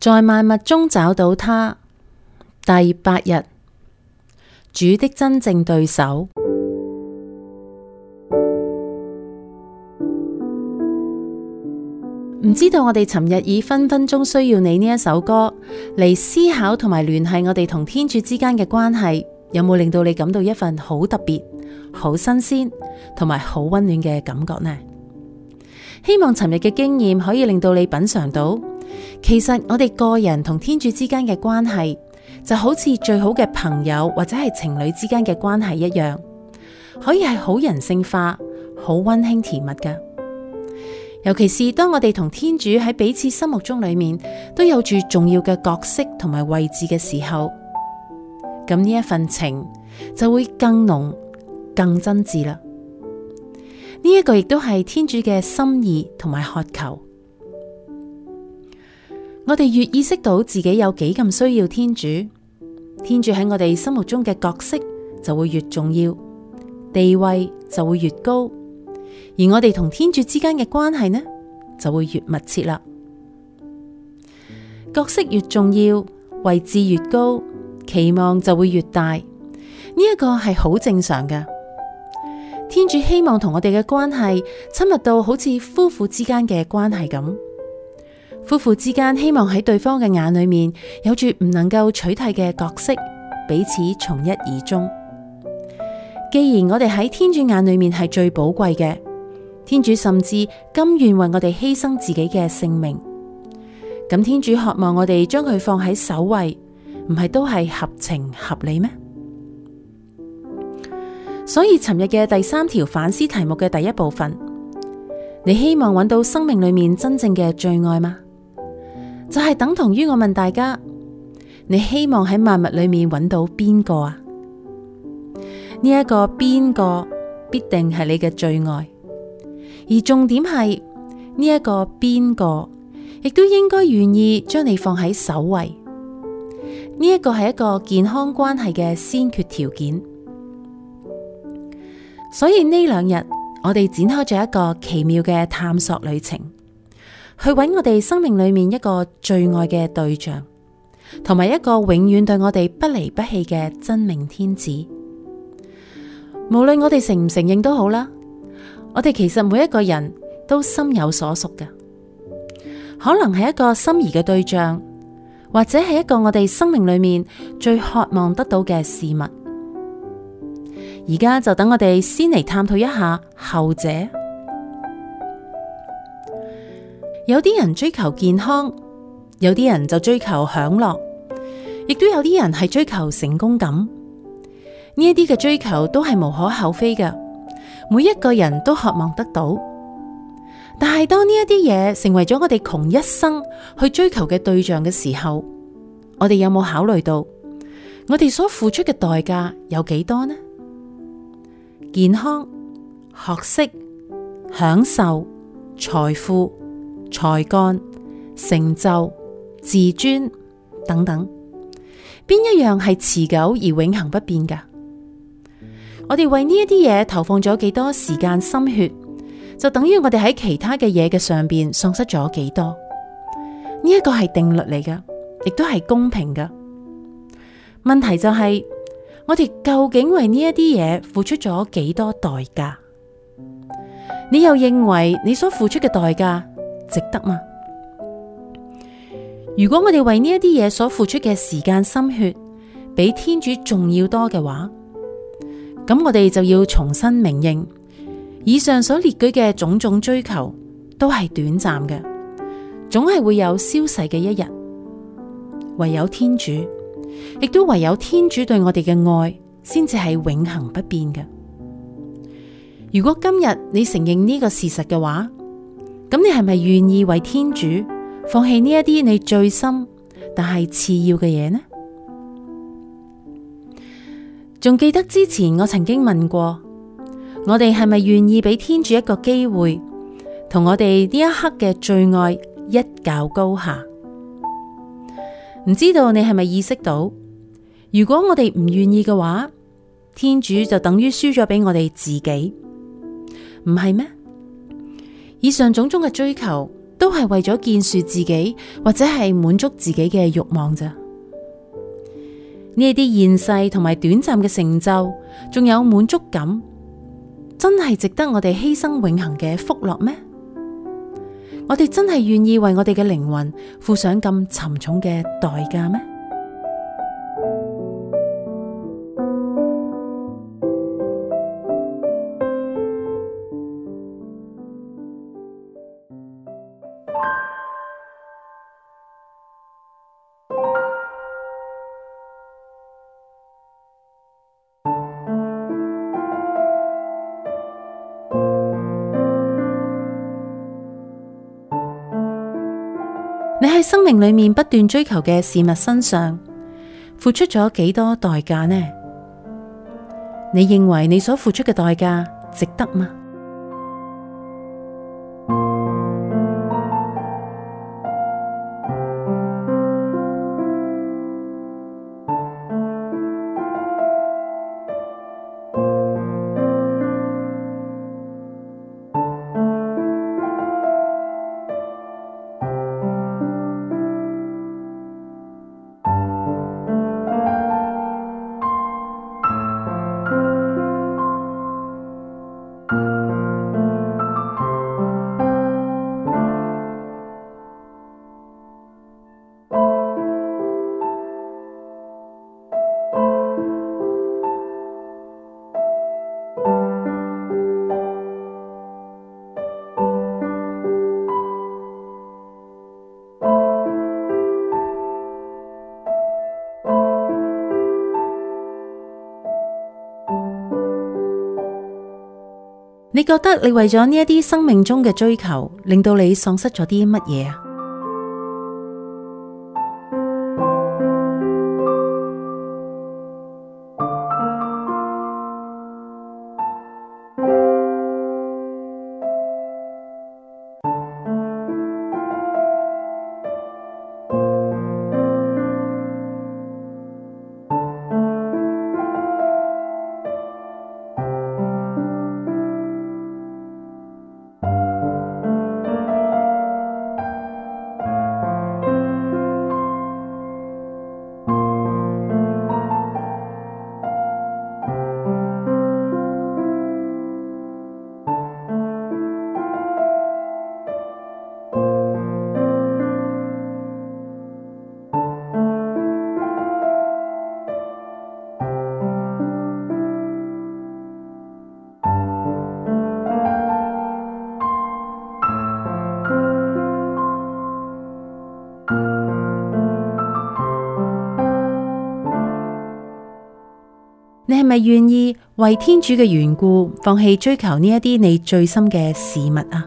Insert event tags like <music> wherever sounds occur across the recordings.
在萬物中找到祂。第八日，主的真正對手。唔 <music> 知道我哋尋日以「分分鐘需要你」呢一首歌嚟思考同埋聯繫我哋同天主之間嘅關係，有冇令到你感到一份好特別、好新鮮同埋好温暖嘅感覺呢？希望尋日嘅經驗可以令到你品嘗到。其實我哋個人同天主之間嘅關係，就好似最好嘅朋友或者係情侶之間嘅關係一樣，可以係好人性化、好溫馨甜蜜嘅。尤其是當我哋同天主喺彼此心目中裏面都有住重要嘅角色同埋位置嘅時候，咁呢一份情就會更濃、更真摯啦。呢一個亦都係天主嘅心意同埋渴求。我哋越意識到自己有幾咁需要天主，天主喺我哋心目中嘅角色就會越重要，地位就會越高，而我哋同天主之間嘅關係呢就會越密切啦。角色越重要，位置越高，期望就會越大。呢一個係好正常嘅。天主希望同我哋嘅關係親密到好似夫婦之間嘅關係咁。夫婦之間希望喺對方嘅眼裏面有住唔能夠取替嘅角色，彼此從一而終。既然我哋喺天主眼裏面係最寶貴嘅，天主甚至甘願為我哋犧牲自己嘅性命，咁天主渴望我哋將佢放喺首位，唔係都係合情合理咩？所以，尋日嘅第三條反思題目嘅第一部分，你希望揾到生命裏面真正嘅最愛嗎？就係等同於我問大家，你希望喺萬物裏面揾到邊個啊？呢一個邊個必定係你嘅最愛，而重點係呢一個邊個亦都應該願意將你放喺首位。呢一個係一個健康關係嘅先決條件。所以呢兩日我哋展開咗一個奇妙嘅探索旅程。去搵我哋生命裏面一個最愛嘅對象，同埋一個永遠對我哋不離不棄嘅真命天子。無論我哋承唔承認都好啦，我哋其實每一個人都心有所屬㗎，可能係一個心儀嘅對象，或者係一個我哋生命裏面最渴望得到嘅事物。而家就等我哋先嚟探討一下後者。有啲人追求健康，有啲人就追求享樂，亦都有啲人係追求成功感。呢一啲嘅追求都係無可厚非嘅，每一個人都渴望得到。但係當呢一啲嘢，成為咗我哋窮一生去追求嘅對象嘅時候，我哋有冇考慮到我哋所付出嘅代價有幾多呢？健康、學識、享受、財富。才幹、成就、自尊等等，邊一樣係持久而永恆不變噶？ <noise> 我哋為呢一啲嘢投放咗幾多時間心血，就等於我哋喺其他嘅嘢嘅上邊喪失咗幾多？呢、這、一個係定律嚟噶，亦都係公平噶。問題就係、是、我哋究竟為呢一啲嘢付出咗幾多代價？你又認為你所付出嘅代價值得嗎？如果我哋為呢一啲嘢，所付出嘅時間心血，比天主仲要多嘅話，咁我哋就要重新明認，以上所列舉嘅種種追求，都係短暫嘅，總係會有消逝嘅一日。唯有天主，亦都唯有天主對我哋嘅愛，先至係永恆不變嘅。如果今日你承認呢個事實嘅話，咁你係咪願意為天主放棄呢一啲你醉心但係次要嘅嘢呢？仲記得之前我曾經問過，我哋係咪願意俾天主一個機會，同我哋呢一刻嘅最愛一較高下？唔知道你係咪意識到，如果我哋唔願意嘅話，天主就等於輸咗俾我哋自己，唔係咩？以上種種嘅追求，都係為咗建樹自己，或者係滿足自己嘅慾望咋。呢啲現世同埋短暫嘅成就，仲有滿足感，真係值得我哋犧牲永恆嘅福樂咩？我哋真係願意為我哋嘅靈魂付上咁沉重嘅代價咩？你喺生命裏面不斷追求嘅事物身上付出咗幾多代價呢？你認為你所付出嘅代價值得嗎？你覺得你為咗呢一啲生命中嘅追求，令到你喪失咗啲乜嘢啊？係咪願意為天主嘅緣故，放棄追求呢一啲你醉心嘅事物啊？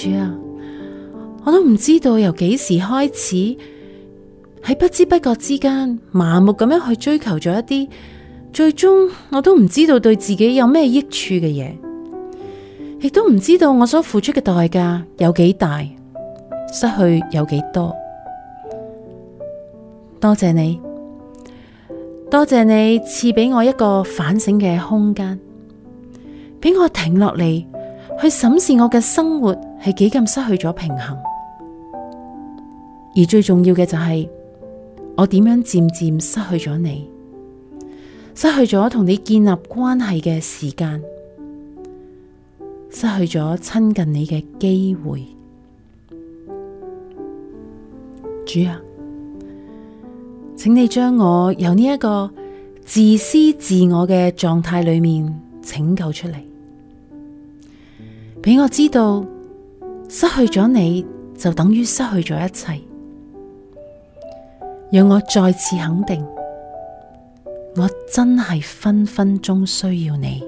主啊，嗯、我都唔知道由幾時開始，喺不知不覺之間，麻木咁樣去追求咗一啲，最終我都唔知道對自己有咩益處嘅嘢，亦都唔知道我所付出嘅代價有幾大，失去有幾多，多。多謝你，多謝你賜俾我一個反省嘅空間，俾我停落嚟去審視我嘅生活。係幾咁失去咗平衡，而最重要嘅就係、是、我點樣漸漸失去咗你，失去咗同你建立關係嘅時間，失去咗親近你嘅機會。主啊，請你將我由呢一個自私自我嘅狀態裏面拯救出嚟，俾我知道。失去咗你就等於失去咗一切，讓我再次肯定，我真係分分鐘需要你。